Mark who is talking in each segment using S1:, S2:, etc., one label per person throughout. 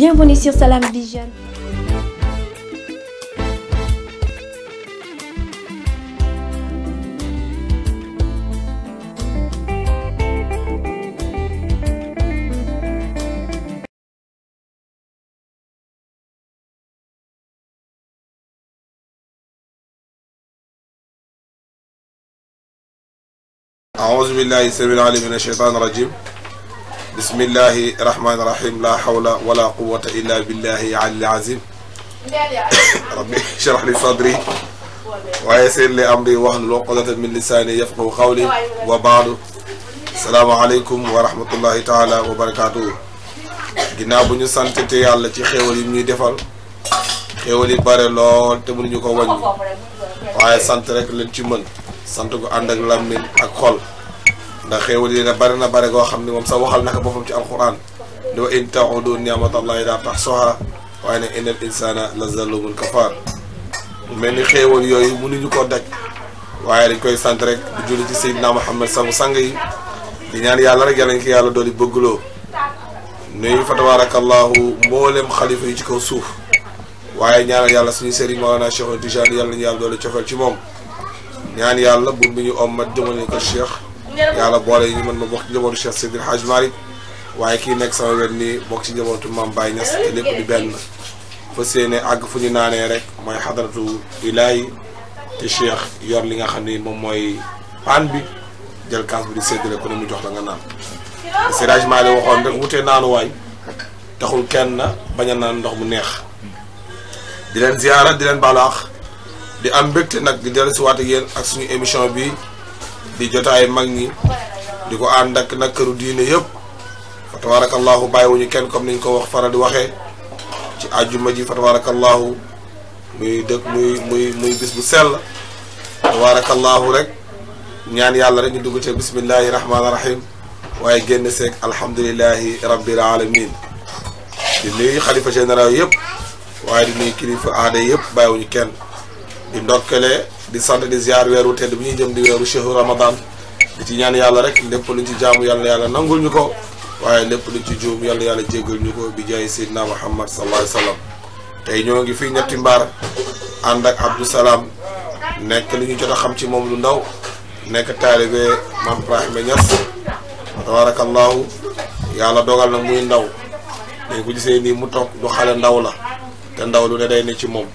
S1: Bienvenue sur Salam Vision.
S2: أعوذ بالله السميع العليم من الشيطان الرجيم bismillahi rahmaani rahim la hawla wala quwata illa billahi alil azim rabbi shrah li sadri waaye seen li amri wahlul uqdatan min lisaani yafqahu qawli wa baadu salaamaaleykum wa rahmatullahi taala wa barakaatu. ginnaaw bu ñu sant te yàlla ci xéewal yi ñuy defal xéewal yi bare lool te mënuñu ko wàññi waaye sant rek leen ci mën sant ko ànd ak làmmiñ ak xol ndax xéewal yi ne bari na bari goo xam ne moom sax waxal naka boppam ci alquran di wa in taxudu niamatallahi daa tax soxaa waaye ne innal insana la zalumun kafar mel ni xéewal yooyu mënuñu koo daj waaye dañ koy sant rek di julli ci Seydina Muhammad sangu sang yi di ñaan yàlla rek yàlla ñu ko yàlla doon di bëggloo nuyu fa tabarakallahu mboolem xalifa yi ci kaw suuf waaye ñaanal yàlla suñu sëriñ Mawlana Cheikh Tijaan yàlla ñu yàlla doon di cofeel ci moom ñaan yàlla bu mu ñu ommat jëmale ko Cheikh yàlla boole yi mën ma bokk ci njabootu Cheikh Seydil Hadj waaye kii nekk sama wet nii bokk ci njabootu Mame Baye Niass te lépp benn fa séene àgg fu ñu naanee rek mooy xadaratu ilaahi te Cheikh yor li nga xam ni moom mooy paan bi jël kaas bi di séddale ku ne mu jox la nga naan Seydil Hadj Malick waxoon rek wutee naanuwaay taxul kenn bañ a naan ndox mu neex di leen ziyaara di leen balaax di am mbégte nag di dellusiwaat ak yéen ak suñu émission bi di jotaay mag ñi di ko ànd ak nag këru diine yëpp fa tabarakallahu bàyyiwuñu kenn comme niñ ko wax faral di waxee ci àjjuma ji fa tabarakallahu muy dëkk muy bis bu sell tabarakallahu rek ñaan yàlla rek ñu dugg ci bismillahi rahmaani rahim waaye génn seeg alhamdulilahi rabbil alamin di nuyu xalifa général yëpp waaye di nuyu kilifa aada yëpp bàyyiwuñu kenn di ndokkale di sant di ziar weeru tedd bi ñuy jëm di weeru chehu ramadan di ci ñaan yàlla rek lépp lu ci jaamu yàlla yàlla nangul ñu ko waaye lépp luñ ci juum yàlla yàlla jéggal ñu ko bi jaay seydina muhammad sallallahu alayhi wa sallam tey ñoo ngi fii ñetti mbaar ànd ak abdou salaam nekk li ñu jot a xam ci moom lu ndaw nekk taalibe maam Ibrahima Niass tabaarakallaahu yàlla dogal na muy ndaw léegi bu gisee nii mu toog lu xale ndaw la te ndaw lu ne day ne ci moom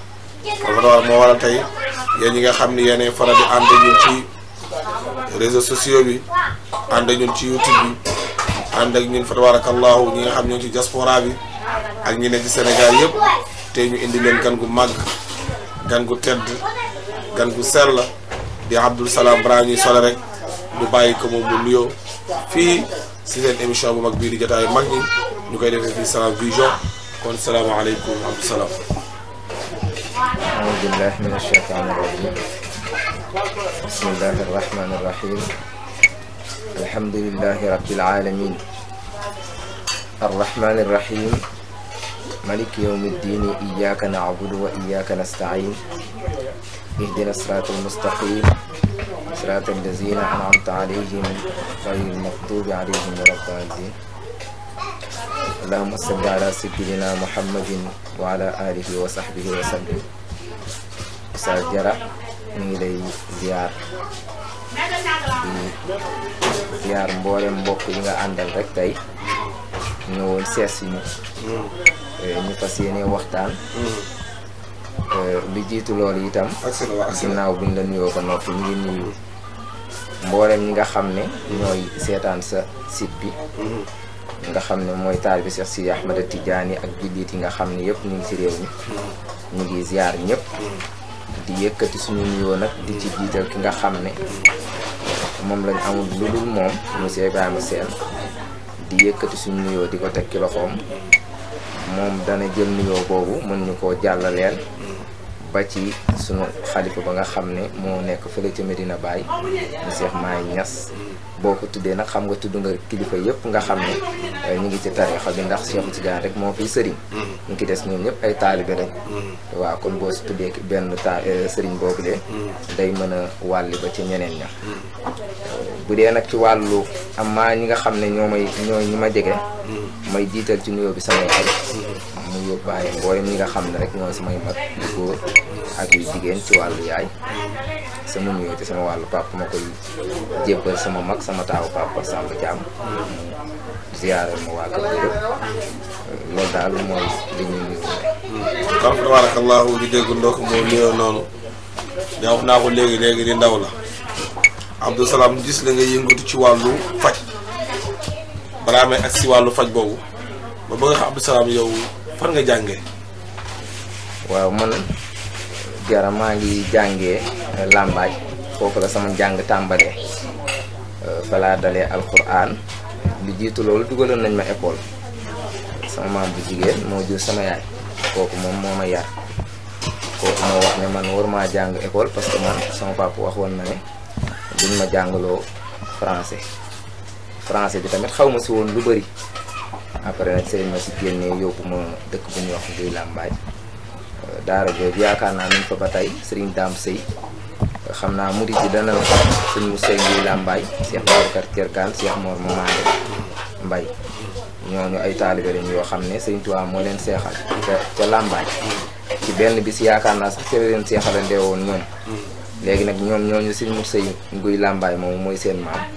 S2: kon loolu moo waral tey yéen ñi nga xam ni yéenay faral di ànd ñun ci réseaux sociaux bi ànd ñun ci YouTube bi ànd ak ñun fa tabarakallahu ñi nga xam ñoo ci diaspora bi ak ñi ne ci senegal yëpp tey ñu indi leen gan gu màgg gan gu tedd gan gu sell di Abdou Salam Brahim ñuy sole rek du bàyyi ko moom mu nuyoo fii si seen émission bu mag bii di jotaayu mag ñi ñu koy defee fii Salam Vision kon salaamaaleykum Abdou Salam أعوذ بالله
S1: من الشيطان الرجيم بسم الله الرحمن الرحيم الحمد لله رب العالمين الرحمن الرحيم ملك يوم الدين إياك نعبد وإياك نستعين اهدنا الصراط المستقيم صراط الذين أنعمت عليهم غير المغضوب عليهم ولا الضالين اللهم صل على سيدنا محمد وعلى آله وصحبه وسلم oustaz Jara ñu ngi lay ziar di mboolem mbokk yi nga àndal rek tey ñëwoon sees si mm. eh, ñu fas yéene waxtaan bi mm. eh, jiitu loolu itam ginnaaw bi ñu la nuyoo ba noppi ñu ngi nuyu mboolem ñi nga xam ne ñooy seetaan sa sit bi mm. nga xam ne mooy taalibe Cheikh Sidi Ahmed Tidiane ak jullit yi nga xam ne yëpp ñu ngi ci réew mi ñu ngi ziar ñëpp di yëkkati suñu nuyoo nag di ci jiital ki nga xam ne moom lañ amul lu dul moom monsieur Ibrahima Sène di yëkkati suñu nuyoo di ko teg ci loxoom moom dana jël nuyoo boobu mën ñu koo jàllaleel ba ci suñu xalifa ba nga xam ne moo nekk fële ca Medina Baye mu Cheikh Maay Niass boo ko tuddee nag xam nga tudd nga kilifa yëpp nga xam ne euh, ñu ngi ci tariixa bi ndax Seexu Tijaan rek moo fiy sëriñ mm-hmm. ñu ngi des ñoom ñëpp ay taalibe lañ
S3: mm-hmm.
S1: waaw kon boo si tuddee benn ta euh, sëriñ boobulee
S3: mm-hmm.
S1: day mën a wàlli ba ci ñeneen ña bu dee nag ci wàllu am maa ñi nga xam ne ñoo may ñooy ñi ma jege may jiital ci nuyoo bi samay ay mu yóbbaale mbooyam ñi nga xam ne rek ñoo samay mag di ak yu jigéen ci wàllu yaay sama nuyoo ci sama wàllu papa ma koy jébbal sama mag sama taawu papa Samba Thiam ziaral ma waa kër yëpp loolu daal mooy li ñuy nuyoo tam di dégg ndokk moo nuyoo noonu
S2: da wax naa ko léegi léegi di ndaw la Abdou Salam gis la nga yëngatu ci wàllu faj balaa may ak si wàllu faj boobu ba ba nga xam Abdou yow fan nga jàngee
S1: waaw man Diarra maa ngi jàngee eh, làmbaaj foofu la sama jàng tàmbalee eh, fa laa dalee alquran lu jiitu loolu dugaloon nañ ma école sama maam bu jigéen moo jur sama yaay kooku moom moo ma yar kooku moo wax ne man war maa jàng école parce que man sama papa waxoon na ne duñ ma jàngaloo français français bi tamit xaw ma si woon lu bëri après nag sëriñ ma si génnee yóbbu ma dëkk bu ñuy wax guy làmbaaj daara jooju yaakaar naa nuñ fa ba tey Serigne Dame sëy xam naa murid yi dana la ko sëñ mu sëy ngiy làmbaay Cheikh Babacar Thiergane Cheikh Mor Mamane Mbaye ñooñu ay taalibe lañ yoo xam ne Serigne Touba moo leen seexal ca ca làmbaay ci benn bis yaakaar naa sax ca leen seexalante woon ñoom léegi nag ñoom ñooñu sëñ Moussa yi nguy làmbaay moom mooy seen maam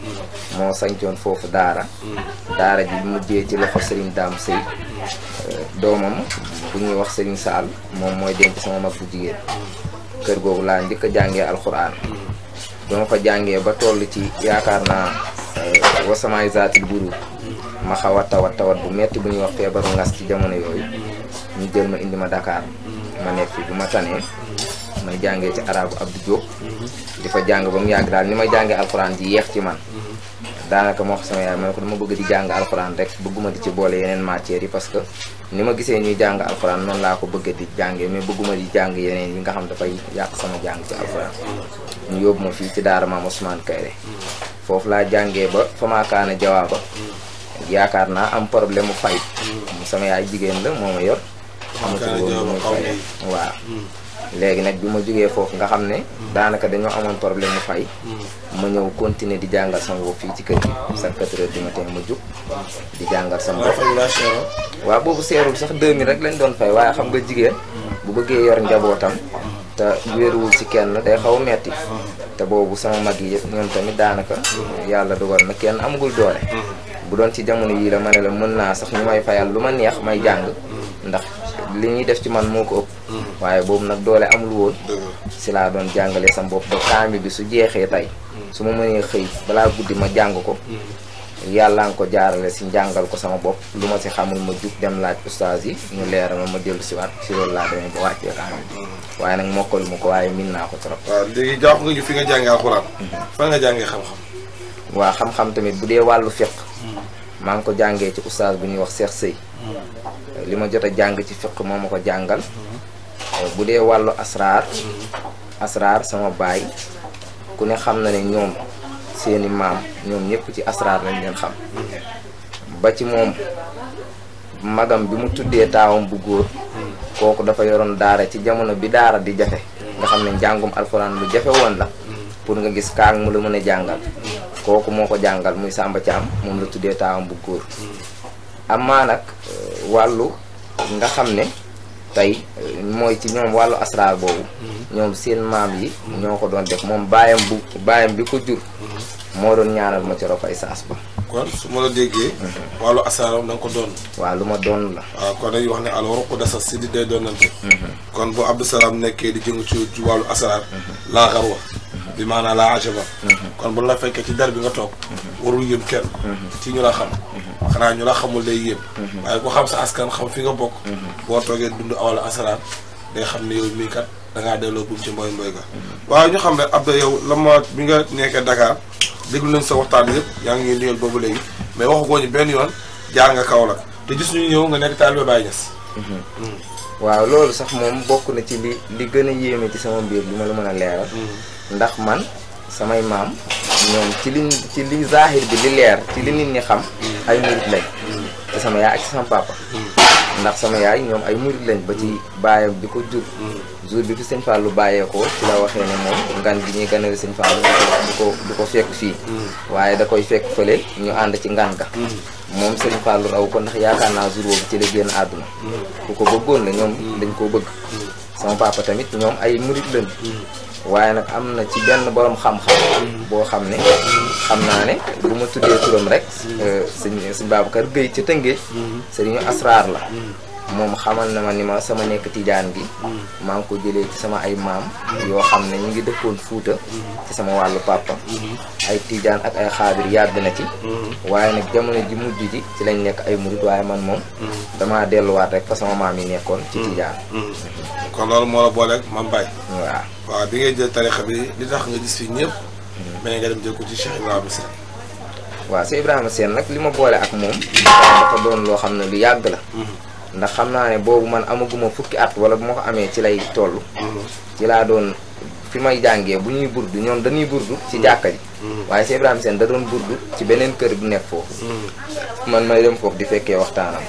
S1: moo sancoon foofu daara daara ji mujjee ci loxo Serigne Dame Seye doomam bu ñuy wax Serigne Sall moom mooy denc sama mag bu jigéen kër googu laa njëkk a jàngee alxuraan dama fa jàngee ba toll ci yaakaar naa euh, wasamaay zaatil buru ma xaw a tawat tawat bu metti bu ñuy wax feebaru ngas ci jamono yooyu ñu jël ma indi ma dakaar ma nekk bu ma tanee may jàngee ci arabu Abdou Diop di fa jàng ba mu yàgg daal ni may jàngee alxuraan ji yeex ci man daanaka moo xam sama yaay ma bëgg di jàng alxuraan rek bëgguma di ci boole yeneen matières yi parce que ni ma gisee ñuy jàng alxuraan noonu laa ko bëgg di jàngee mais bëgguma di jàng yeneen yi nga xam dafay yàq sama jàng ci alxuraan ñu yóbbu ma fii ci daara maam Ousmane Kayre foofu laa jàngee ba famaakaana jawaaba yaakaar naa am problème mu fay sama yaay jigéen la moo ma yor amatu woon lu muy fay waaw hmm. léegi nag bi ma jugee foofu nga xam ne. daanaka dañoo amoon problème mu fay. ma ñëw continuer di jàngal sama fii ci kër gi. sa quatre heures du matin ma jug. di jàngal sama bopp. waaw boobu seerul sax 2000 rek lañ doon fay waaye xam nga jigéen. bu bëggee yor njabootam. te wéeruwul ci kenn day xaw metti. te boobu sama mag yi yëpp ñoom tamit daanaka. yàlla dogal na kenn amagul doole. bu doon ci jamono yii la ma ne la mën naa sax ñu may fayal lu ma neex may jàng. ndax li ñuy def ci man moo ko Mm-hmm. waaye boobu nag doole amul woon mm-hmm. si laa doon jàngalee sam bopp ba kaamil bi su jeexee tey mm-hmm. su ma mënee xëy balaa guddi ma jàng ko yàlla nga ko jaarale si njàngal ko sama bopp lu ma si xamul ma jug dem laaj ustaas yi ñu leeral ma ma dellu si si loolu laa demee ba wàccee waaye nag mokkalu ma ko waaye min naa ko trop
S2: waaw léegi fan nga jàngee xam-xam
S1: waaw xam-xam tamit bu dee wàllu fiq maa ngi ko jàngee ci ustaas bu ñuy wax Seex Sëy li ma jot a jàng ci fiq moo ma ko jàngal bu dee wàllu asraar mm-hmm. asraar sama baay ku ne xam na ne ñoom seeni maam ñoom ñépp ci asraar lañ leen xam mm-hmm. ba ci moom magam bi mu tuddee taawam bu góor mm-hmm. kooku dafa yoroon daara ci jamono bi daara di jafe nga xam ne njàngum alxuraan lu jafe woon la pour nga gis kaang mu la mën a jàngal kooku moo ko jàngal muy sàmba Thiam moom la tuddee taawam bu góor amaa nag wàllu nga xam ne tey mooy ci ñoom wàllu asraar boobu ñoom seen maam yi ñoo ko doon def moom baayam bu baayam bi ko jur moo doon ñaanal ma coro fay saas ba
S2: kon su ma la déggee mhm. wàllu asaaram da nga ko doon waa
S1: lu ma doon la
S2: waaw kon dañuy wax ne alors ko dasa si di day doonante mhm. kon bu Abdou Salam nekkee di jëngu ci wàllu asaraar
S3: mhm. laa xar
S2: wa bi maanaa laa ajaba kon bu la fekkee ci dar bi nga toog warul yëm kenn ci ñu la xam xanaa ñu la xamul day yéem. Mhm. waaye ku xam sa askan xam fi nga bokk. Mhm. boo toogee dund awal asaraan day xam ne yow mii kat da ngaa delloo buum ci mboy mboy ga. Mhm. waaw ñu xam ne Abdou yow la ma bi nga nekkee Dakar déglu nañ sa waxtaan yëpp yaa ngi ñuy boobu léegi mais waxagoo ñu benn yoon jaar nga Kaolack te gis ñu ñëw nga nekk taalibe Baye Niass. waaw loolu sax moom bokk na ci li li gën a yéeme ci sama mbir
S1: bi ma la mën a leeral. ndax man samay maam ñoom ci li ci li zahir bi li leer ci li nit ñi xam mm. ay murit lañ te mm. sama yaay ak sama papa mm. ndax sama yaay ñoom ay murit lañ ba ci baayam bi ko jur jour bi fi sëñ Fallou bàyyeekoo ci la waxee ne moom ngan gi ñuy ganale seen Fallou du ko du ko fekk fii waaye da koy fekk fële ñu ànd ci ngan ga moom sëñ Fallou raw ko ndax yaakaar naa jour boobu ci la génn àdduna ku ko bëggoon la ñoom dañ koo bëgg sama papa tamit ñoom ay murit lañ waaye nag am na ci benn borom xam-xam. boo xam ne. xam naa ne bu ma tuddee turam rek. Euh, sëñ sëñ Babacar Gueye ca Tëngéej. Mm-hmm. sëriñu asraar la. Mm-hmm. moom xamal na ma ni ma sama nekk tijaan gi
S3: hmm.
S1: maa ngi ko jëlee ci sama ay maam hmm. yoo xam ne ñu ngi dëkkoon fuuta hmm. ci sama wàllu papa ay tijaan ak ay xaabir yàgg na ci waaye nag jamono ji mujj di ci lañ nekk ay murit waaye man moom damaa delluwaat rek fa sama maam yi nekkoon ci tijaan
S2: kon loolu moo la booleeg Mame Baye waaw waaw bi ngay jël tarixa bi li tax nga gis fi ñëpp mais nga dem jël ci Cheikh Ibrahima Sène
S1: waaw Ibrahima Sène nag li ma boole ak moom dafa doon loo xam ne lu yàgg ndax xam naa ne boobu man amaguma fukki at wala bu ma ko amee ci lay toll. ci laa doon fi may jàngee bu ñuy burdu ñoom dañuy burdu ci jàkka ji. waaye si Ibrahima Sène da doon burdu ci beneen kër bu nekk foofu. man may dem foofu di fekkee waxtaanam.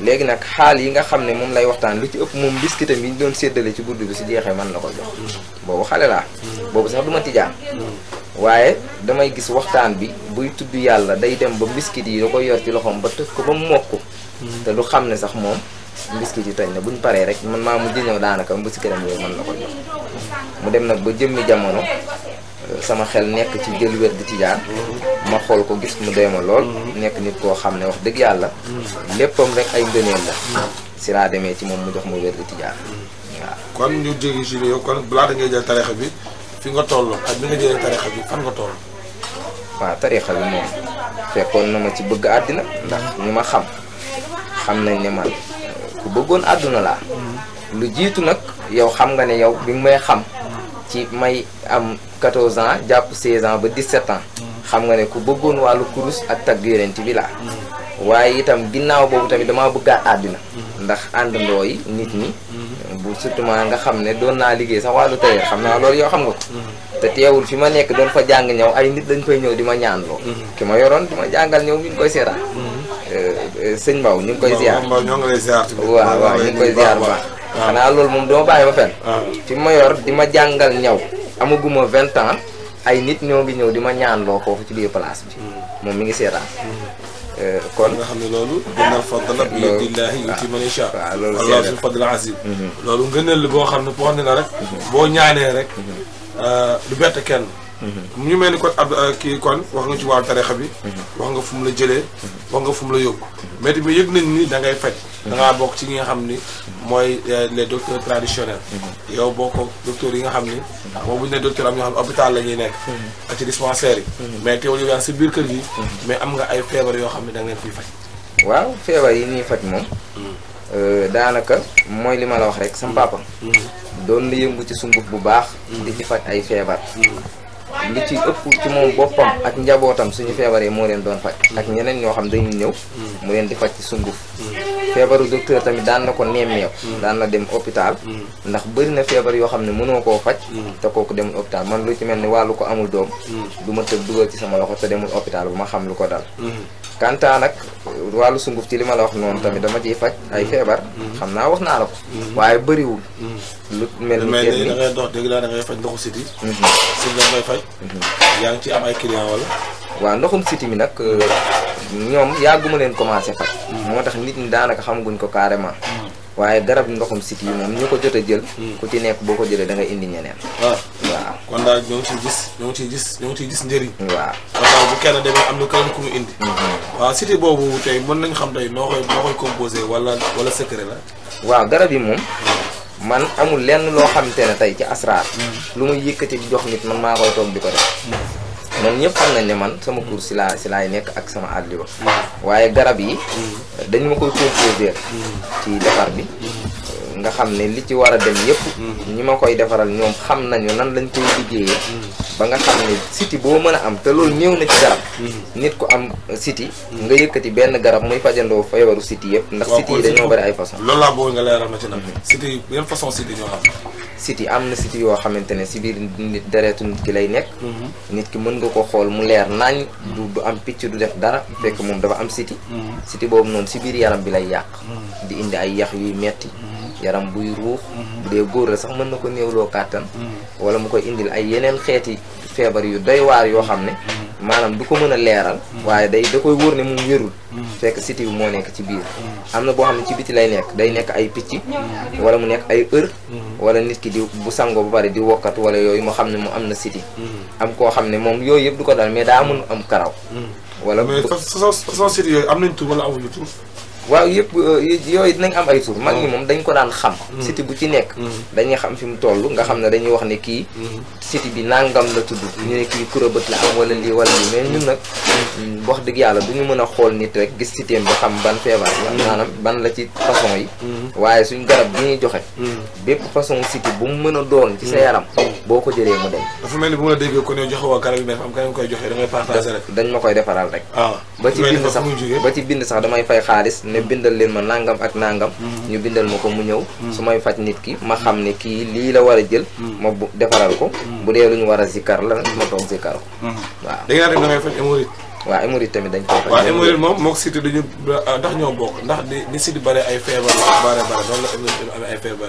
S1: léegi nag xaal yi nga xam ne moom lay waxtaan lu ci ëpp moom biskitam yi ñu doon séddale ci burdu bi su jeexee man na ko jox. boobu xale laa. boobu sax du ma tijaan. waaye damay gis waxtaan bi buy tudd yàlla day dem ba biskit yi da yor ci loxoom ba tëj ko ba mu mokk. te du xam ne sax moom mbiskit ci tañ na buñ paree rek man maa mujj ñëw daanaka mbu si këram yooyu mën na ko jox mu dem nag ba jëmmi jamono euh, sama xel nekk ci jël wér gi ci jaar ma xool ko gis mu doy ma lool nekk nit koo xam ne wax dëgg yàlla léppam rek ay ngëneel la si laa demee ci moom mu jox mu wér di ci jaar waaw
S2: kon ñu jóge si yow jël tarixa bi fi nga toll ak bi nga jëlee tarixa bi fan nga toll waaw tarixa
S1: bi moom fekkoon na ma ci bëgg àddina ndax ñu ma xam xam nañ ne man ku bëggoon àdduna laa
S3: mm-hmm.
S1: lu jiitu nag yow xam nga ne yow bi nga may xam ci may am 14 ans jàpp 16 ans ba 17 ans mm-hmm. xam nga ne ku bëggoon wàllu kurus ak tagg yonent bi laa
S3: mm-hmm.
S1: waaye itam ginnaaw boobu tamit damaa bëggaat àddina ndax àndandoo yi nit ñi bu surtout nga xam ne doon naa liggéey sax wàllu tey xam naa loolu yoo xam nga ko te teewul fi ma nekk doon fa jàng ñëw ay nit lañ fay ñëw di ma ñaan ñaanloo ki ma yoroon di ma jàngal ñëw mi ngi sëñ Mbaw ñu ngi koy ziar Mbaw ñoo ngi lay ziar baax xanaa loolu moom dama bàyyi ba fen ah. fi ma di ma jàngal ñaw amaguma vingt ans ay nit ñoo ngi ñëw di ma ñaan loo foofu ci biir place bi hmm. moom mi ngi seetaan hmm. euh, kon nga xam
S2: ne loolu gënal fadla bi yadillaahi yuti man yasha allah su fadla azim loolu ngëneel boo xam ne boo xam ne la rek hmm. boo ñaanee rek euh, du bett kenn mu ñu mel ni kon ab euh, kii kon wax nga ci wàllu tarixa bi wax nga fu la jële wax nga fu la yóbbu mais tamit yëg nañ ni da ngay faj. da ngaa bokk ci ñi nga xam ni mooy euh, les docteurs traditionnels. Mm-hmm. yow boo ko docteurs yi nga xam ni. boobu bu ñu nee docteur am ñoo xam ne hôpital la ñuy nekk. Mm-hmm. ak ci dispensaire yi. Mm-hmm. mais teewul yow yaa si biir kër gi. mais am nga ay feebar yoo xam ne da ngeen fiy faj.
S1: waaw feebar yi ñuy faj moom. Mm. Euh, daanaka mooy li ma la wax rek sama doon la yëngu ci sunguf bu baax. li ñu faj ay feebar. li ci ëpp ci moom boppam ak njabootam suñu feebaree moo leen doon faj ak ñeneen ñoo xam dañuy ñëw mu leen di faj ci sunguf feebaru docteur tamit daan na ko nemmeew daan na dem hôpital ndax bëri na feebar yoo xam ne mënoo koo faj te kooku demul hôpital man lu ci mel ni wàllu ko amul doom du ma tëb dugal ci sama loxo te demul hôpital bu ma xam lu ko dal kanta nag wàllu sunguf ci li ma la wax noonu tamit dama ciy faj ay feebar mhm. xam naa wax naa la ko mhm. waaye bëriwul mhm. lu mel ni mel ni
S2: da faj si nga ngay faj am ay client wala waaw
S1: ndoxum siti mi nag euh, ñoom yàgguma leen commencé faj moo tax nit ñi daanaka xamaguñ ko carrément waaye garab ndoxum siti yi moom ñu ko jot a jël ku ci nekk boo ko jëlee da indi ñeneen
S2: ah. waaw kon daal ñoo ngi ciy gis ñoo ngi ciy gis ñoo ngi ciy gis njëriñ. waaw bu kenn demee am na keneen ku mu indi. Mhm. waaw cité boobu tey mën nañ xam tey noo koy noo koy composé wala wala secret la. waaw garab yi moom.
S1: Hmm.
S2: man amul lenn loo xamante ne tey ci asraar.
S3: Hmm.
S1: lu ma yëkkati jox nit man maa koy toog di ko def. man hmm. ñëpp xam nañ ne man sama cours si laa si laay nekk ak sama àlliwa waaye garab yi. dañ ma koy composé. ci defar bi. nga xam ne li ci war a dem yëpp. Mm. ñi ma koy defaral ñoom xam nañu nan lañ koy liggéeyee. Mm. ba nga xam ne siti boo mën a am te loolu na ci mm. nit ku am siti nga yëkkati benn garab muy fajandoo feebaru siti yëpp. ndax siti yi dañoo bëri ay façon. loolu
S2: laa bëggoon nga leeral ma ci nag. siti yan façon
S1: siti am na siti yoo xamante ne si biir nit deretu nit ki lay nekk. Mm-hmm. nit ki mën nga ko xool mu leer naañ. du du am picc du def dara. fekk moom dafa am siti. Mm-hmm. siti boobu noonu si biir yaram bi lay yàq. di indi ay yax yuy metti yaram buy ruux bu dee góor la sax mën na ko néewloo kàttan wala mu koy indil ay yeneen xeeti feebar yu day waar yoo xam ne maanaam du ko mën a leeral waaye day da koy wóor ne moom wérul fekk siti bi moo nekk ci biir am na boo xam ne ci biti lay nekk day nekk ay picc wala mu nekk ay ër wala nit ki di bu sangoo ba pare di wokkat wala yooyu mu xam ne mu am na siti am koo xam ne moom yooyu yëpp du ko dal mais daa mun am karaw wala mais
S2: façon siti yooyu am nañ tur wala amuñu tur waaw yëpp euh, yooyu
S1: dinañ am ay tur mag ñi mm. moom dañ ko daan xam siti mm. bu ci nekk mm. dañuy xam fi mu toll nga xam ne dañuy wax ne kii siti bi nangam la tudd ñu ne kii kurabët la am wala lii wala lii mais ñun nag wax dëgg yàlla du ñu mën a xool nit rek gis sitéem ba xam ban feebar maanaam ban la ci façon yi waaye suñ garab bi ñuy joxe bépp façon siti bu mu mën a doon ci sa yaram boo ko jëlee mu dem
S2: dafa mel ni bu ma la déggee ko ne joxe waa garab yi mais am keneen koy joxe da ngay partager rek dañ ma
S1: koy defaraal rek ah. ba ci bind sax ba ci bind sax damay fay xaalis ne bindal leen ma nangam ak nangam. ñu bindal ma ko mu ñëw. su may faj nit ki ma xam ne kii lii la war a jël. ma defaral ko. bu dee lu ñu war a zikkar la ma toog zikkar ko.
S2: waaw da ngaa dem da ngay faj émorite.
S1: waaw émorite tamit dañ koy faj. waaw émorite
S2: moom moog siti dañu ndax ñoo bokk ndax di di siti bare ay feebar bare bare wala émorite amee ay feebar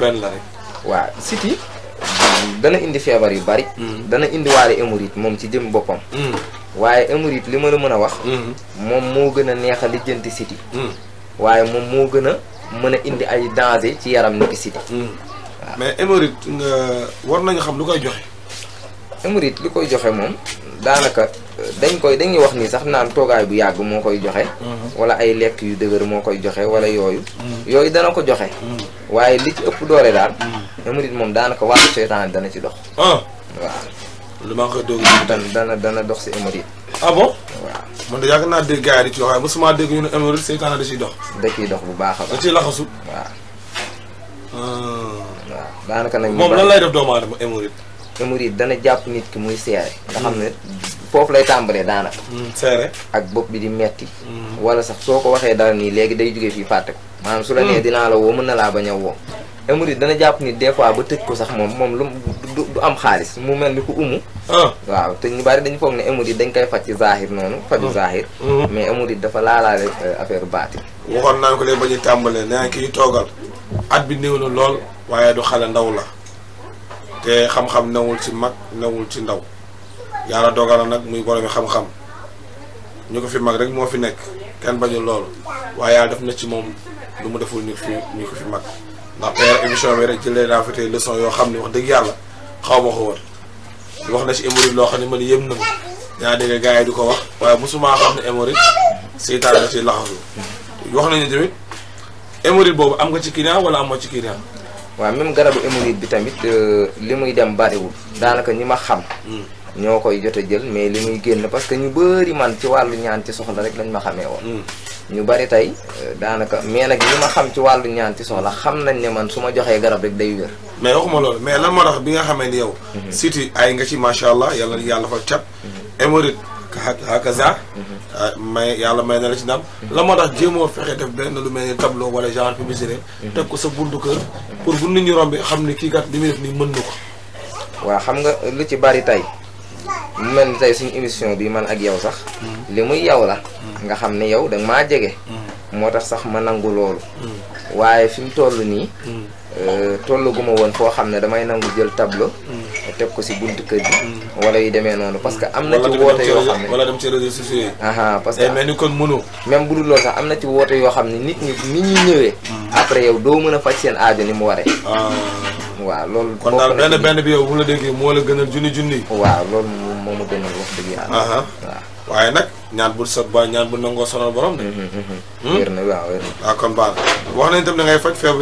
S2: benn la rek. waaw siti
S1: dana indi feebar yu bari. Mm. dana indi waale moom ci jëm boppam. Mm. waaye hémorroïde li man la mën a wax. Mm. moom moo gën a neex a lijjanti siti. waaye moom moo gën a mën a indi ay danger ci yaram ni ki siti. mais hémorroïde nga war nañu xam lu koy joxe. hémorroïde li koy joxe moom daanaka euh, dañ koy dañuy wax ni sax naan toogaay bu yàgg moo koy joxe. Mm-hmm. wala ay lekk yu dëgër moo koy joxe wala yooyu. yooyu dana ko joxe. waaye li ci ëpp doole daal. murit moom
S2: daanaka wàllu seytaan dana ci dox. ah waaw. lu ma ko déglu. dana dana dana dox si murit. abo ah bon. waaw man de yàgg naa dégg gars yi di ci wax waaye mosuma dégg dox.
S1: da ciy dox bu baax a baax da ciy laxasu. waaw. Ah. daanaka nag. moom lan lay def doomu aadama murit. murit dana jàpp nit ki muy seere. nga xam ne hmm. foofu lay tàmbalee daanaka. Hmm, seere. ak bopp bi di metti hmm. wala sax soo ko waxee dara nii léegi day jóge fii fàtte ko. maanaam su la nee dinaa la woo mën na laa bañ a woo. Emery dana jàpp ni des fois ba tëj ko sax moom moom lu du am xaalis mu mel ni ku umu. Ah. waaw te ñu bari dañu foog ne yi dañ koy faj ci zahir noonu. faju ah. zahir. Mm-hmm. mais Emery dafa laalaale euh, affaire baatin.
S2: waxoon naa ko leen ba ñu tàmbalee nee naa ki ñu toogal at bi néew na lool waaye du xale ndaw la te xam-xam newul ci mag newul ci ndaw yàlla dogal na nag muy boromi xam-xam ñu ko fi mag rek moo fi nekk kenn bañu lool waaye yàlla def na ci moom lu mu deful ñu fi ñu ndax tey émission bi rek ci leen daa fëtee leçon yoo xam ne wax dëgg yàlla xaw ma ko woon wax na ci hémorroïde loo xam ne man yëm na ma yaa dégg gars yi di ko wax waaye mosuma xam ne hémorroïde seytaan na ci laxasu wax nañu tamit hémorroïde boobu am nga ci client wala amoo ci client waaw même garabu hémorroïde bi tamit
S1: euh, li muy dem bariwul daanaka ñi ma xam hmm. ñoo koy jot a jël mais li muy génn parce que ñu bëri man ci wàllu ñaan ci soxla rek lañ ma xamee woon. Hmm. ñu bari tey euh, daanaka mais nag li ma xam ci wàllu ñaan ci soxla xam nañ ne man su ma joxee garab rek day
S2: mais waxuma mais lan moo bi nga xamee ni yow. Mhm. siti ay nga ci macha allah yàlla yàlla fa cat. émorite mhm. hakaza. Mhm. Ah, may yàlla may na la ci ndam. la moo tax jéemoo fexe def benn lu mel ni tableau wala genre publicité. teg ko sa buntu kër. pour bu nit ñi rombee xam ne kii kat li muy def nii mën na ko. waa xam nga lu ci bari tey. man tey suñu émission
S1: bi man ak yow sax mm-hmm. li muy yow la mm-hmm. nga xam ne yow danga maa jege
S2: mm-hmm.
S1: moo tax sax ma nangu loolu waaye fi mu toll nii euh, toll gu ma woon foo xam ne damay nangu jël tableau teg ko si buntu kër gi wala yu demee noonu parce que am na ci woote yoo xam ne wala
S2: dem ci réseaux
S1: parce que mel kon mënu même bu na ci woote yoo xam ne nit ñi ni ñëwee après yow doo mën a faj seen aajo ni mu waree ah. waaw loolu.
S2: kon daal benn bi yow bu la déggee moo la gënal junni junni. waaw loolu moom moo ma gënal wax dëgg waaye nag ñaan bul sa ba ñaan bul nangoo sonal borom de. Mhm, mhm, mhm. Hmm? wér na waaw wér na. waaw ah, kon baax wax nañ tam da ngay faj feebar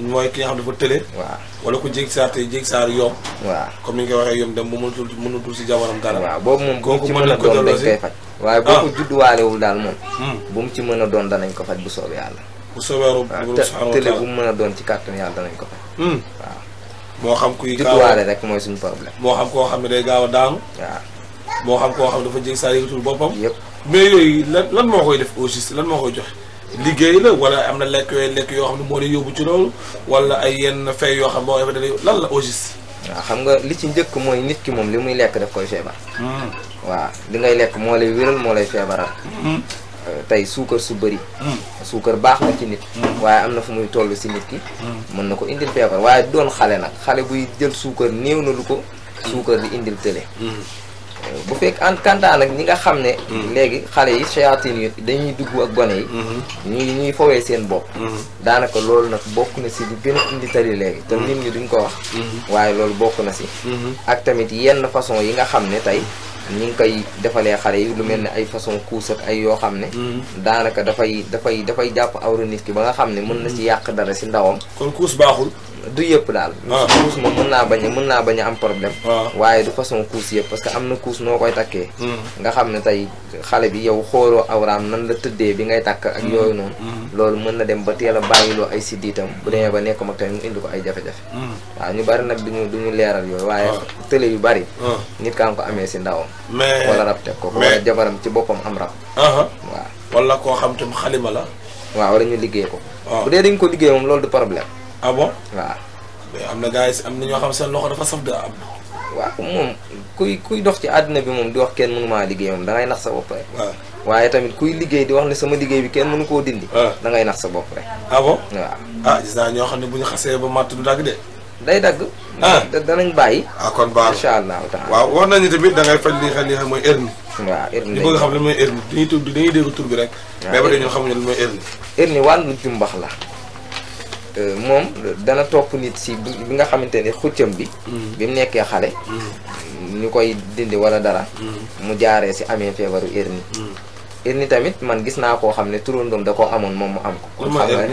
S2: mooy ki nga xam ne waaw wala ku jég saar te jég saar yomb. waaw ni ko waxee yomb dem ba mënatul mënatul si jabaram dara. waaw boobu moom kooku mën nañ ko delloo si waaye boo ah. ko judduwaalewul daal moom. Hmm. bu mu ci mën a doon danañ ko
S1: faj bu soobee yàlla bu soobee rob waaw télé bu mu mën a doon ci kàttanu yàlla danañ ko fay. Hmm. waaw.
S2: moo xam kuy gaaw rek mooy suñu problème. moo xam koo xam ne day gaaw a daanu. waaw moo xam koo xam ne dafa jég saa yëgatul boppam. yëpp mais yooyu lan lan moo koy def au lan moo koy joxe. liggéey la wala am na lekk yooyu lekk yoo xam ne moo lay yóbbu ci loolu wala ay yenn fay yoo xam ne moo lan la au juste.
S1: xam nga li ci njëkk mooy nit ki moom li muy lekk def koy feebar. Hmm. waaw li ngay lekk moo lay wéral moo lay feebaral. Hmm. Euh, tey suukar su bëri. Hmm. suukar baax na ci nit. Hmm. waaye am na fu muy toll si nit ki. Hmm. mën na ko indil feebar waaye doon xale nag xale buy jël suukar néew na lu ko. suukar di indil tële. Euh, bu fekk en kantaan nag ñi nga xam ne. léegi xale yi shayatin yi dañuy dugg ak gone yi. ñuy ñuy fowee seen bopp. daanaka loolu nag bokk na si li gën a indi tali léegi. te nit ñi duñ ko wax. waaye loolu bokk na si. ak tamit yenn façon yi nga xam ne tey. ñu ngi koy defalee xale yi lu mel ni ay façons couche ay yoo xam ne mm-hmm. daanaka dafay dafay dafay jàpp awra nit ki ba nga xam ne mën na si yàq dara si ndawam kon couche baaxul du yëpp daal. Ah. couche moom mën naa bañ a mën naa bañ a am problème. Ah. waaye du façon couche yëpp parce que am na couche noo koy takkee. Hmm. nga xam ne tey xale bi yow xooloo awraam nan la tëddee bi ngay takk ak hmm. yooyu noonu. Hmm. loolu mën na dem ba teel a bàyyiloo ay siddiitam bu demee ba nekk mag tamit mu indi ko ay jafe-jafe. waaw ñu bari nag duñu ñu leeral yooyu. waaye ah. tële yu bari. nit kaa nga ko amee si ndawam. mais wala rab teg ko wala jabaram ci boppam am rab.
S2: waaw wala koo xam tam xalima la.
S1: waaw wala ñu liggéey ko. bu dee liggéey moom loolu du ah bon waaw.
S2: mais am na gaa yi am na ñoo xam seen loxo dafa saf de am. waaw moom
S1: kuy kuy dox ci àddina bi moom di wax kenn mënu maa liggéey moom da ngay nax sa bopp rek. Ah. waaye tamit kuy liggéey di ne sama liggéey bi kenn mënu koo dindi.
S2: Ah. da ngay nax sa bopp rek. ah, ah ñoo xam ne bu ñu xasee ba matt du dagg de. day dagg. ah danañ bàyyi. ah kon baax incha allahu taala waaw wax nañu tamit da ngay faj li nga xam mooy hernie. waaw hernie li xam lan mooy hernie dañuy tudd dañuy dégg rek. waaw mais ba tey ñun xamuñu lan mooy hernie.
S1: hernie jumbax la Euh, moom dana topp nit si bi nga xamante ni xuccam bi. Mm. bi mu nekkee xale.
S3: Mm.
S1: ñu koy dindi wala dara. Mm. mu jaaree si amee feebaru hernie. hernie tamit man gis naa koo xam ne turandoom da koo amoon moom mu am ko. xam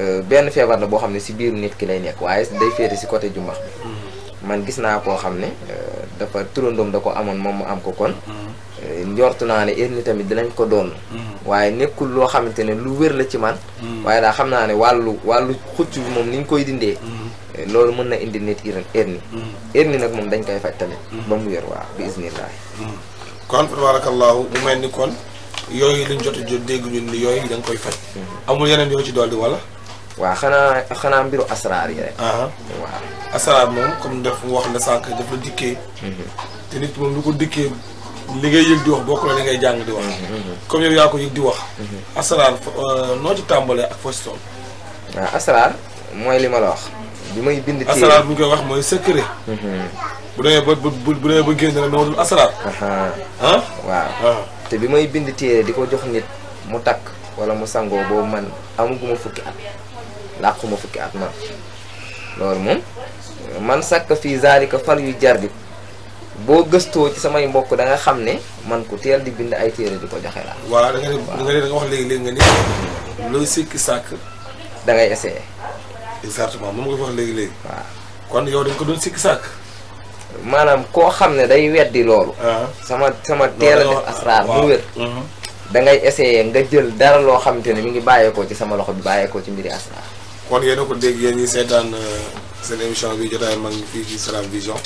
S1: euh, benn feebar la boo xam ne si biiru nit ki lay nekk day féete si côté jumbax man gis naa koo xam ne euh, dafa turandoom da ko amoon moom mu am ko kon. Euh, njort naa ne hernie tamit dinañ ko doon. Mm-hmm. waaye nekkul loo xamante ne lu wér la ci man. Mm-hmm. waaye daal xam naa ne wàllu wàllu xucc moom ni koy dindee. Mm-hmm. Euh, loolu mën na indi nit hernie. hernie nag moom dañ koy faj tamit. ba mu wér waaw bi iznillah.
S2: kon tabaarakallaahu mu mel ni kon yooyu liñ jot jot dégg ñun ni yooyu da koy faj. amul yeneen yoo ci dolli wala. waaw xanaa xanaa mbiru asraar yi rek. waaw asraar moom comme daf wax na sànq daf la dikkee. te nit moom lu li ngay yëg di wax bokk la ngay jàng di wax. Mm-hmm. comme yow yaa ko yëg di wax. Mm-hmm. asaraar euh, noo ci tàmbalee ak foo ci toll. waaw ah, asaraar mooy li ma la wax. bi may bind téere asaraar bu wax mooy secret. Mm-hmm. bu demee ba bu bu demee ba génn na
S1: ah? Ah. bi may bind téere di ko jox nit mu takk wala mu sangoo boobu man amaguma fukki at man loolu moom man sàkk fii zaalika fal yu jar boo gëstoo ci samay mbokk da nga xam ne man ku teel di bind ay téere di ko joxe la
S2: voilà da nga ne wax léegi léegi nga ni looy sikki sàkk da ngay essayé exactement moom nga wax léegi léegi waaw
S1: kon yow da nga ko doon sikki sàkk maanaam koo xam ne day weddi loolu ah. sama sama teel a def asraar mhm. ngay essayé nga jël dara loo xamante ne mu ngi bàyyeekoo ci sama loxo bi bàyyeekoo ci mbiri asraar
S2: kon yéen a ko dégg yéen ñi seetaan euh, seen émission bi jotaay mag fii ci Salam Vision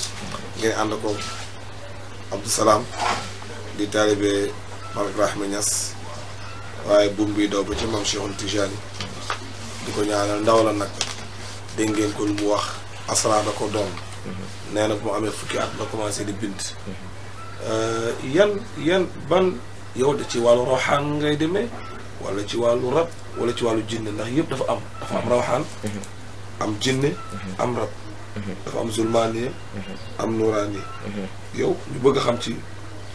S2: ngeen ànd ko Abdou Salam di taalibe Maam Ibrahima waaye buum bi daw ba ci Maam Cheikhul Tijani di ko ñaanal ndaw la nag dégg ngeen ko lu mu wax asra da ko doon mhm. nee na bu mu amee fukki at la commencé di bind mhm. euh, yan yan ban yow da ci wàllu rawxaan ngay demee wala ci wàllu rab wala ci wàllu jinne ndax yëpp dafa am dafa am rawxaan mhm. am jinne am rab Mhm. dafa am zulmaaniya mhm. am nuraaniya mhm. yow ñu bëgg xam ci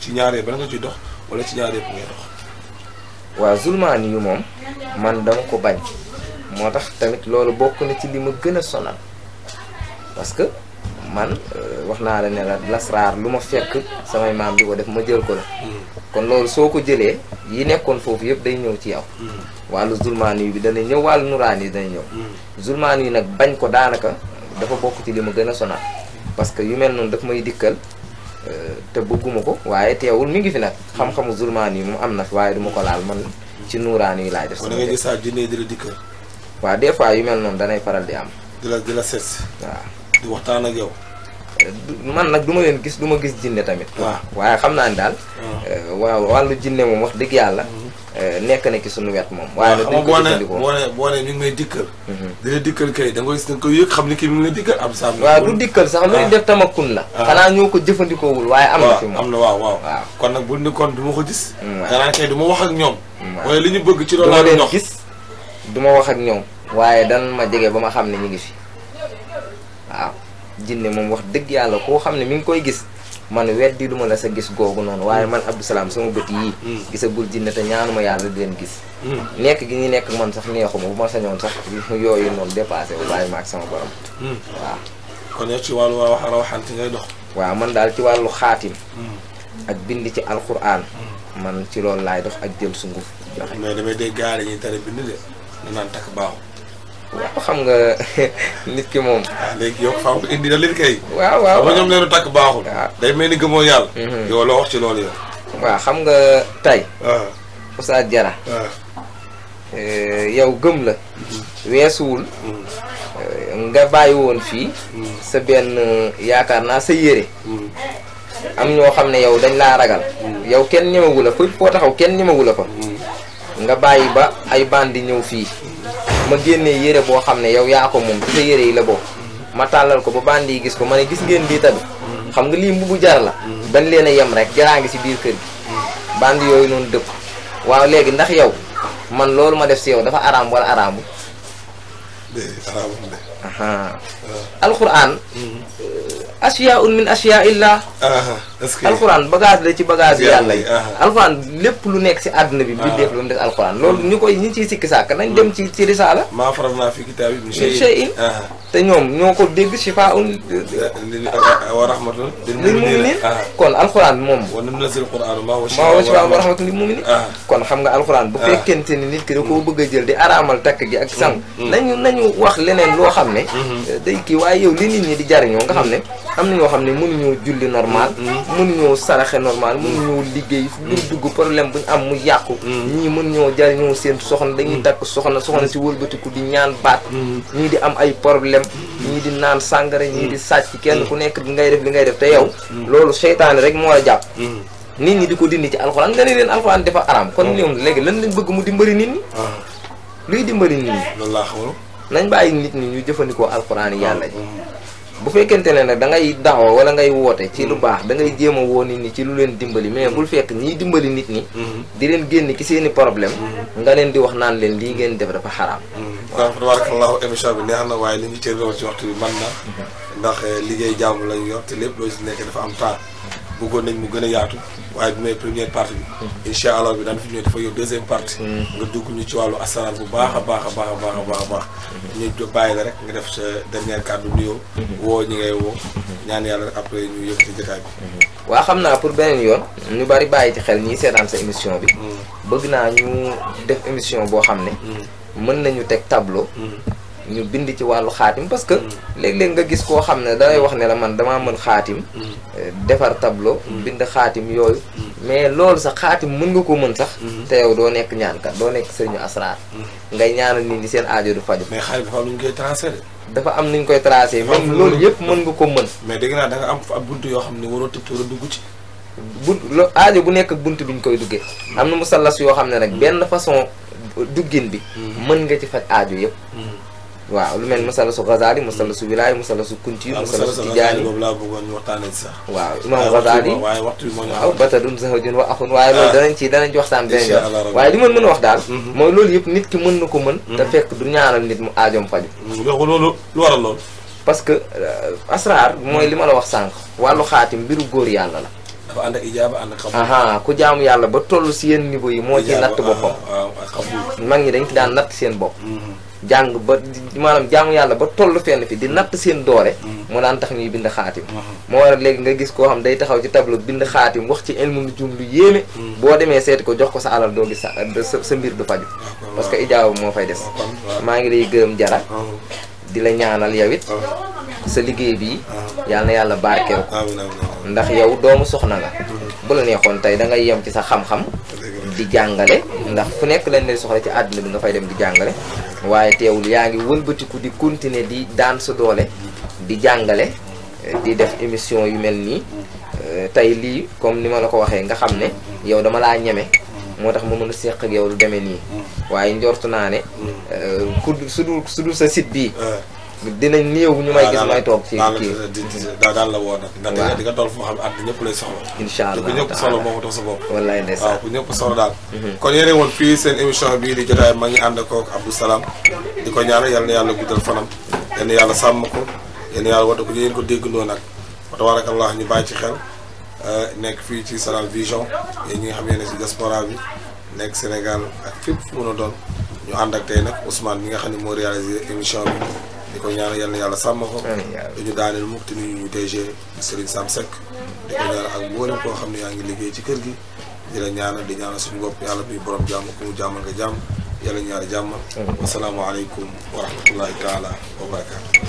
S2: ci ñaaree ba nga ci dox wala ci ñaaree bu ngay dox waaw zulmaani
S1: yu moom man dama ko bañ moo tax tamit loolu bokk na ci li ma gën a sonal parce que man euh, wax naa la ne la lasraar lu ma fekk samay maam di ko def ma jël ko la kon loolu soo ko jëlee yi nekkoon foofu yëpp day ñëw ci yow wàllu zulmaan bi dana ñëw wàllu nuraan yi dana ñëw zulmaan yi nag bañ ko daanaka dafa bokk ci ma gën a sonal parce que yu mel noonu daf may dikkal euh, te bëgguma ko waaye teewul mi ngi fi nag xam-xamu zulmaan yi moom am na fi waaye duma ko laal man ci nuuraan yi laay def sama nga gis jinne di la dikkal waaw des fois yu mel noonu danay faral di am di la di la seet waaw
S2: di waxtaan ak yow euh, man nag
S1: du ma leen gis du ma gis jinne tamit waa waaye xam naa ni daal euh, waaw wàllu jinne moom wax dëgg yàlla mm-hmm. Euh, nekk na ki suñu wet moom. waaye nag duñ ko
S2: jëfandikoo boo nee boo nee ngi may dikkal. Mhm. dina dikkal kay da nga koy da nga koy xam ni kii mi ngi lay dikkal ab saam. waaw du sax lu ñu ah. def tamakun la. Ah. xanaa ñoo ko jëfandikoowul waaye am na fi am na waaw waaw. kon nag bu ni du ma ko gis. xanaa mm. kay ma wax ak ñoom. waaye mm. li ñu bëgg ci loolu laa doon gis
S1: du ma wax ak ñoom. waaye dan ma jege ba ma xam ne ñu ngi fi waaw jinne moom wax dëgg yàlla koo xam ne mu ngi koy gis man weddi lu ma la sa gis googu noonu waaye man Abdou salaam sama bët yii hmm. gisagul jinne te ñaanuma yàlla di leen gis hmm. nekk gi ñu nekk man sax neexuma bu ma sañoon sax yooyu noonu dépassé wu ma ak sama borom hmm. waaw kon yow ci wàllu wax rawaxante ngay dox waaw man daal ci wàllu xaatim ak bind ci alquran man ci loolu laay dox ak jël sunguf joxe mais
S2: damay dégg gaa yi dañuy tere bind de danaan takk baaxu waaw xam nga nit ki moom. Ah, léegi yow faaw indi da leen waaw waaw xam nga ñoom takk baaxul. Ah. day mel ni gëmoo yàlla. Mhm. yow loo wax ci loolu yow. waaw xam nga tey. waaw ah. jara Diarra. Eh,
S1: yow gëm la. Mhm. weesuwul. Mhm. Eh, nga bàyyi woon fii. sa benn eh, yaakaar naa sa yére. am ñoo xam ne yow dañ laa ragal. yow kenn ñemewu la foo taxaw kenn ñemewu la fa. nga bàyyi ba ay bandi ñëw fii. ma génnee yére boo xam ne yow yaa ko moom ci sa yére yi la bokk ma tàllal ko ba bandi yi gis ko ma ne gis ngeen lii tamit xam nga lii mbubu jar la dañ leen a yem rek jaraa ngi si biir kër gi bandi yooyu noonu dëpp waaw léegi ndax yow man loolu ma def si yow dafa araam wala araamu ah. alquran mm-hmm. ashiyaun min ashiya illah alxuraan bagage la ci bagage yàlla yi ah. alxuraan lépp lu nekk si àdduna bi ah. bi def mu des alxuraan loolu hmm. ñu koy ñi ciy sikki sàkk nañ dem ci risaala maa faral naa fi kitaab yi shay'in ah. te ñoom
S2: kon xam nga alxuraan bu
S1: fekkente ni nit ki da koo hmm. bëgg a jël di araamal takk gi ak sang hmm. nañu nañu wax leneen loo xam ne eh, day kii waaye yow li nit ñi di jariñoo nga xam ne am na ñoo xam ne mënuñoo julli normal mënuñoo saraxe normal mënuñoo liggéey mm. luñ dugg problème buñ am mu yàqu mm. ñii mënuñoo jariñoo seen soxna dañuy mm. takk soxna soxna si walbatiku di ñaan baat ñii di am ay problème ñii di naan sàngara ñii di sàcc kenn ku nekk ngay def li ngay def te yow loolu seytaane rek moo la jàpp nit ñi di ko dindi ci alxuraan nga ne leen alxuraan dafa araam kon ñoom léegi lan lañ bëgg mu dimbali nit ñi ah. luy dimbali nit ñi nañ bàyyi nit ñi ñu jëfandikoo alxuraan yi yàlla bu fekkente ne nag da ngay daawa wala ngay woote ci lu mm. baax da ngay jéem a woo nit ñi ci lu leen dimbali mais bul fekk ñiy dimbali nit ñi mm-hmm. di leen génn ci seeni problème mm-hmm. nga leen di wax naan leen lii ngeen def dafa xaraam waaw
S2: mm-hmm. tabarakallahu émission bi neex na waaye li ñu cër ci waxtu man na ndax eh, liggéey jàmm lañu yor lépp loo si nekk dafa am temps bëggoon nañ mu gën a yaatu waaye bi may première partie bi mm-hmm. incha allah bi daan fi ñëw dafa yow deuxième partie mm-hmm. nga dugg ñu ci wàllu asaraan bu baax a baax a baax a baax a baax a baax mm-hmm. ñu bàyyi la rek nga def sa dernière kàddu nuyoo woo ñi ngay woo ñaan yàlla rek après ñu yëg ci jotaay bi waa xam naa pour beneen yoon ñu
S1: bari bàyyi ci xel ñiy seetaan sa émission bi mm. bëgg naa ñu def émission boo xam ne mm. mën nañu teg tableau mm. ñu bind ci wàllu xaatim parce que mm. léeg-léeg nga gis koo xam ne dalay wax ne la man damaa mën xaatim mm. eh, defar tableau mm. bind xaatim yooyu mais loolu sax xaatim mën nga ko mën sax te yow doo nekk ñaankat doo nekk sëriñu asraar ngay ñaanal nit ñi seen aajo du faju mais xaatim dafa am nuñ koy tracé dafa am koy tracé même loolu yëpp mën
S2: nga ko mën mais dégg naa am fa am ab buntu yoo xam ne waroo tëb war a dugg ci bunt lo aajo
S1: bu nekk ak bunt bi ñu koy duggee am na musallas yoo xam ne rek benn façon duggin bi mën nga ci faj aajo yëpp waaw lu mel masalasu Ghazali masalasu Wilaay masalasu Kunti masalasu Tijaani boobu
S2: laa bëggoon ñu waxtaanee sax waaw
S1: wa axun waaye loolu ah. danañ ci danañ ci waaye li man mën a wax daal mhm. mooy loolu yëpp nit ki mën na ko mën te mhm. fekk du ñaanal nit mu aajoom faju mhm. loolu lu waral loolu parce que euh, asraar mooy li ma la wax sànq wàllu xaati mbiru góor yàlla la
S2: dafa ànd ak ijaaba
S1: ku jaamu yàlla ba tollu si yenn niveau yi moo ci natt boppam mag ñi dañ ci daan natt seen bopp jàng ba maanaam jaamu yàlla ba toll fenn fii di natt seen doole. Mhm. moo daan tax ñuy bind xaatim. Mhm. moo waral léegi nga gis koo xam day taxaw ci tableau bind xaatim wax ci ilmu nujum lu mhm. boo demee seeti ko jox ko sa alal doo gis sa sa mbir du faju parce que ijaaba moo fay des. maa ngi lay gërëm jara di la ñaanal yow it. sa liggéey bi yàlla na yàlla barkeel ko ndax yow doomu soxna nga bu la neexoon tey da ngay yem ci sa xam-xam di jàngale ndax fu nekk lañ lay soxla ci àdduna bi nga fay dem di jàngale waaye teewul yaa ngi wëlbatiku di continuer di daan sa doole di jàngale di def émission yu mel nii euh, tey lii comme ni ma la ko waxee nga xam ne yow dama laa ñeme moo tax ma mën a seq ak yow lu nii waaye njort naa ne euh, ku su dul su dul sa sit bii dina néew ñu may gis may toog ci kii daa daal la woo nag ndax di
S2: nga toll fu nga xam ne àddina ñëpp lay soxla incha allah ku ñëpp soxla moo ko tax sa bopp wallaay ndeysaan waaw ku mhm. seen émission bii di jotaay ma ngi ànd ak di ko ñaanal yàlla guddal fanam yal na sàmm ko yal na yàlla wata ko yéen ko déggandoo nag wa tabarakallah ñu bàyyi ci xel euh, nekk fii ci Salam Vision yéen ñi nga xam ne ci diaspora bi nekk Sénégal ak fépp fu mën a doon ñu ànd ak tey nag Ousmane mi nga xam ne moo réalisé émission bi di ko ñaanal yal na yàlla sàmm ko. dañu daaneel mukk di nuyu DG Serigne Sam Seck. di ko ñaanal ak mboolem koo xam ne yaa ngi liggéey ci kër gi. di la ñaanal di ñaanal suñu bopp yàlla bi borom jàmm ku mu jàmmal nga jàmm yàlla ñaari jàmm. wasalaamualeykum wa rahmatullahi taala wa barakaatu.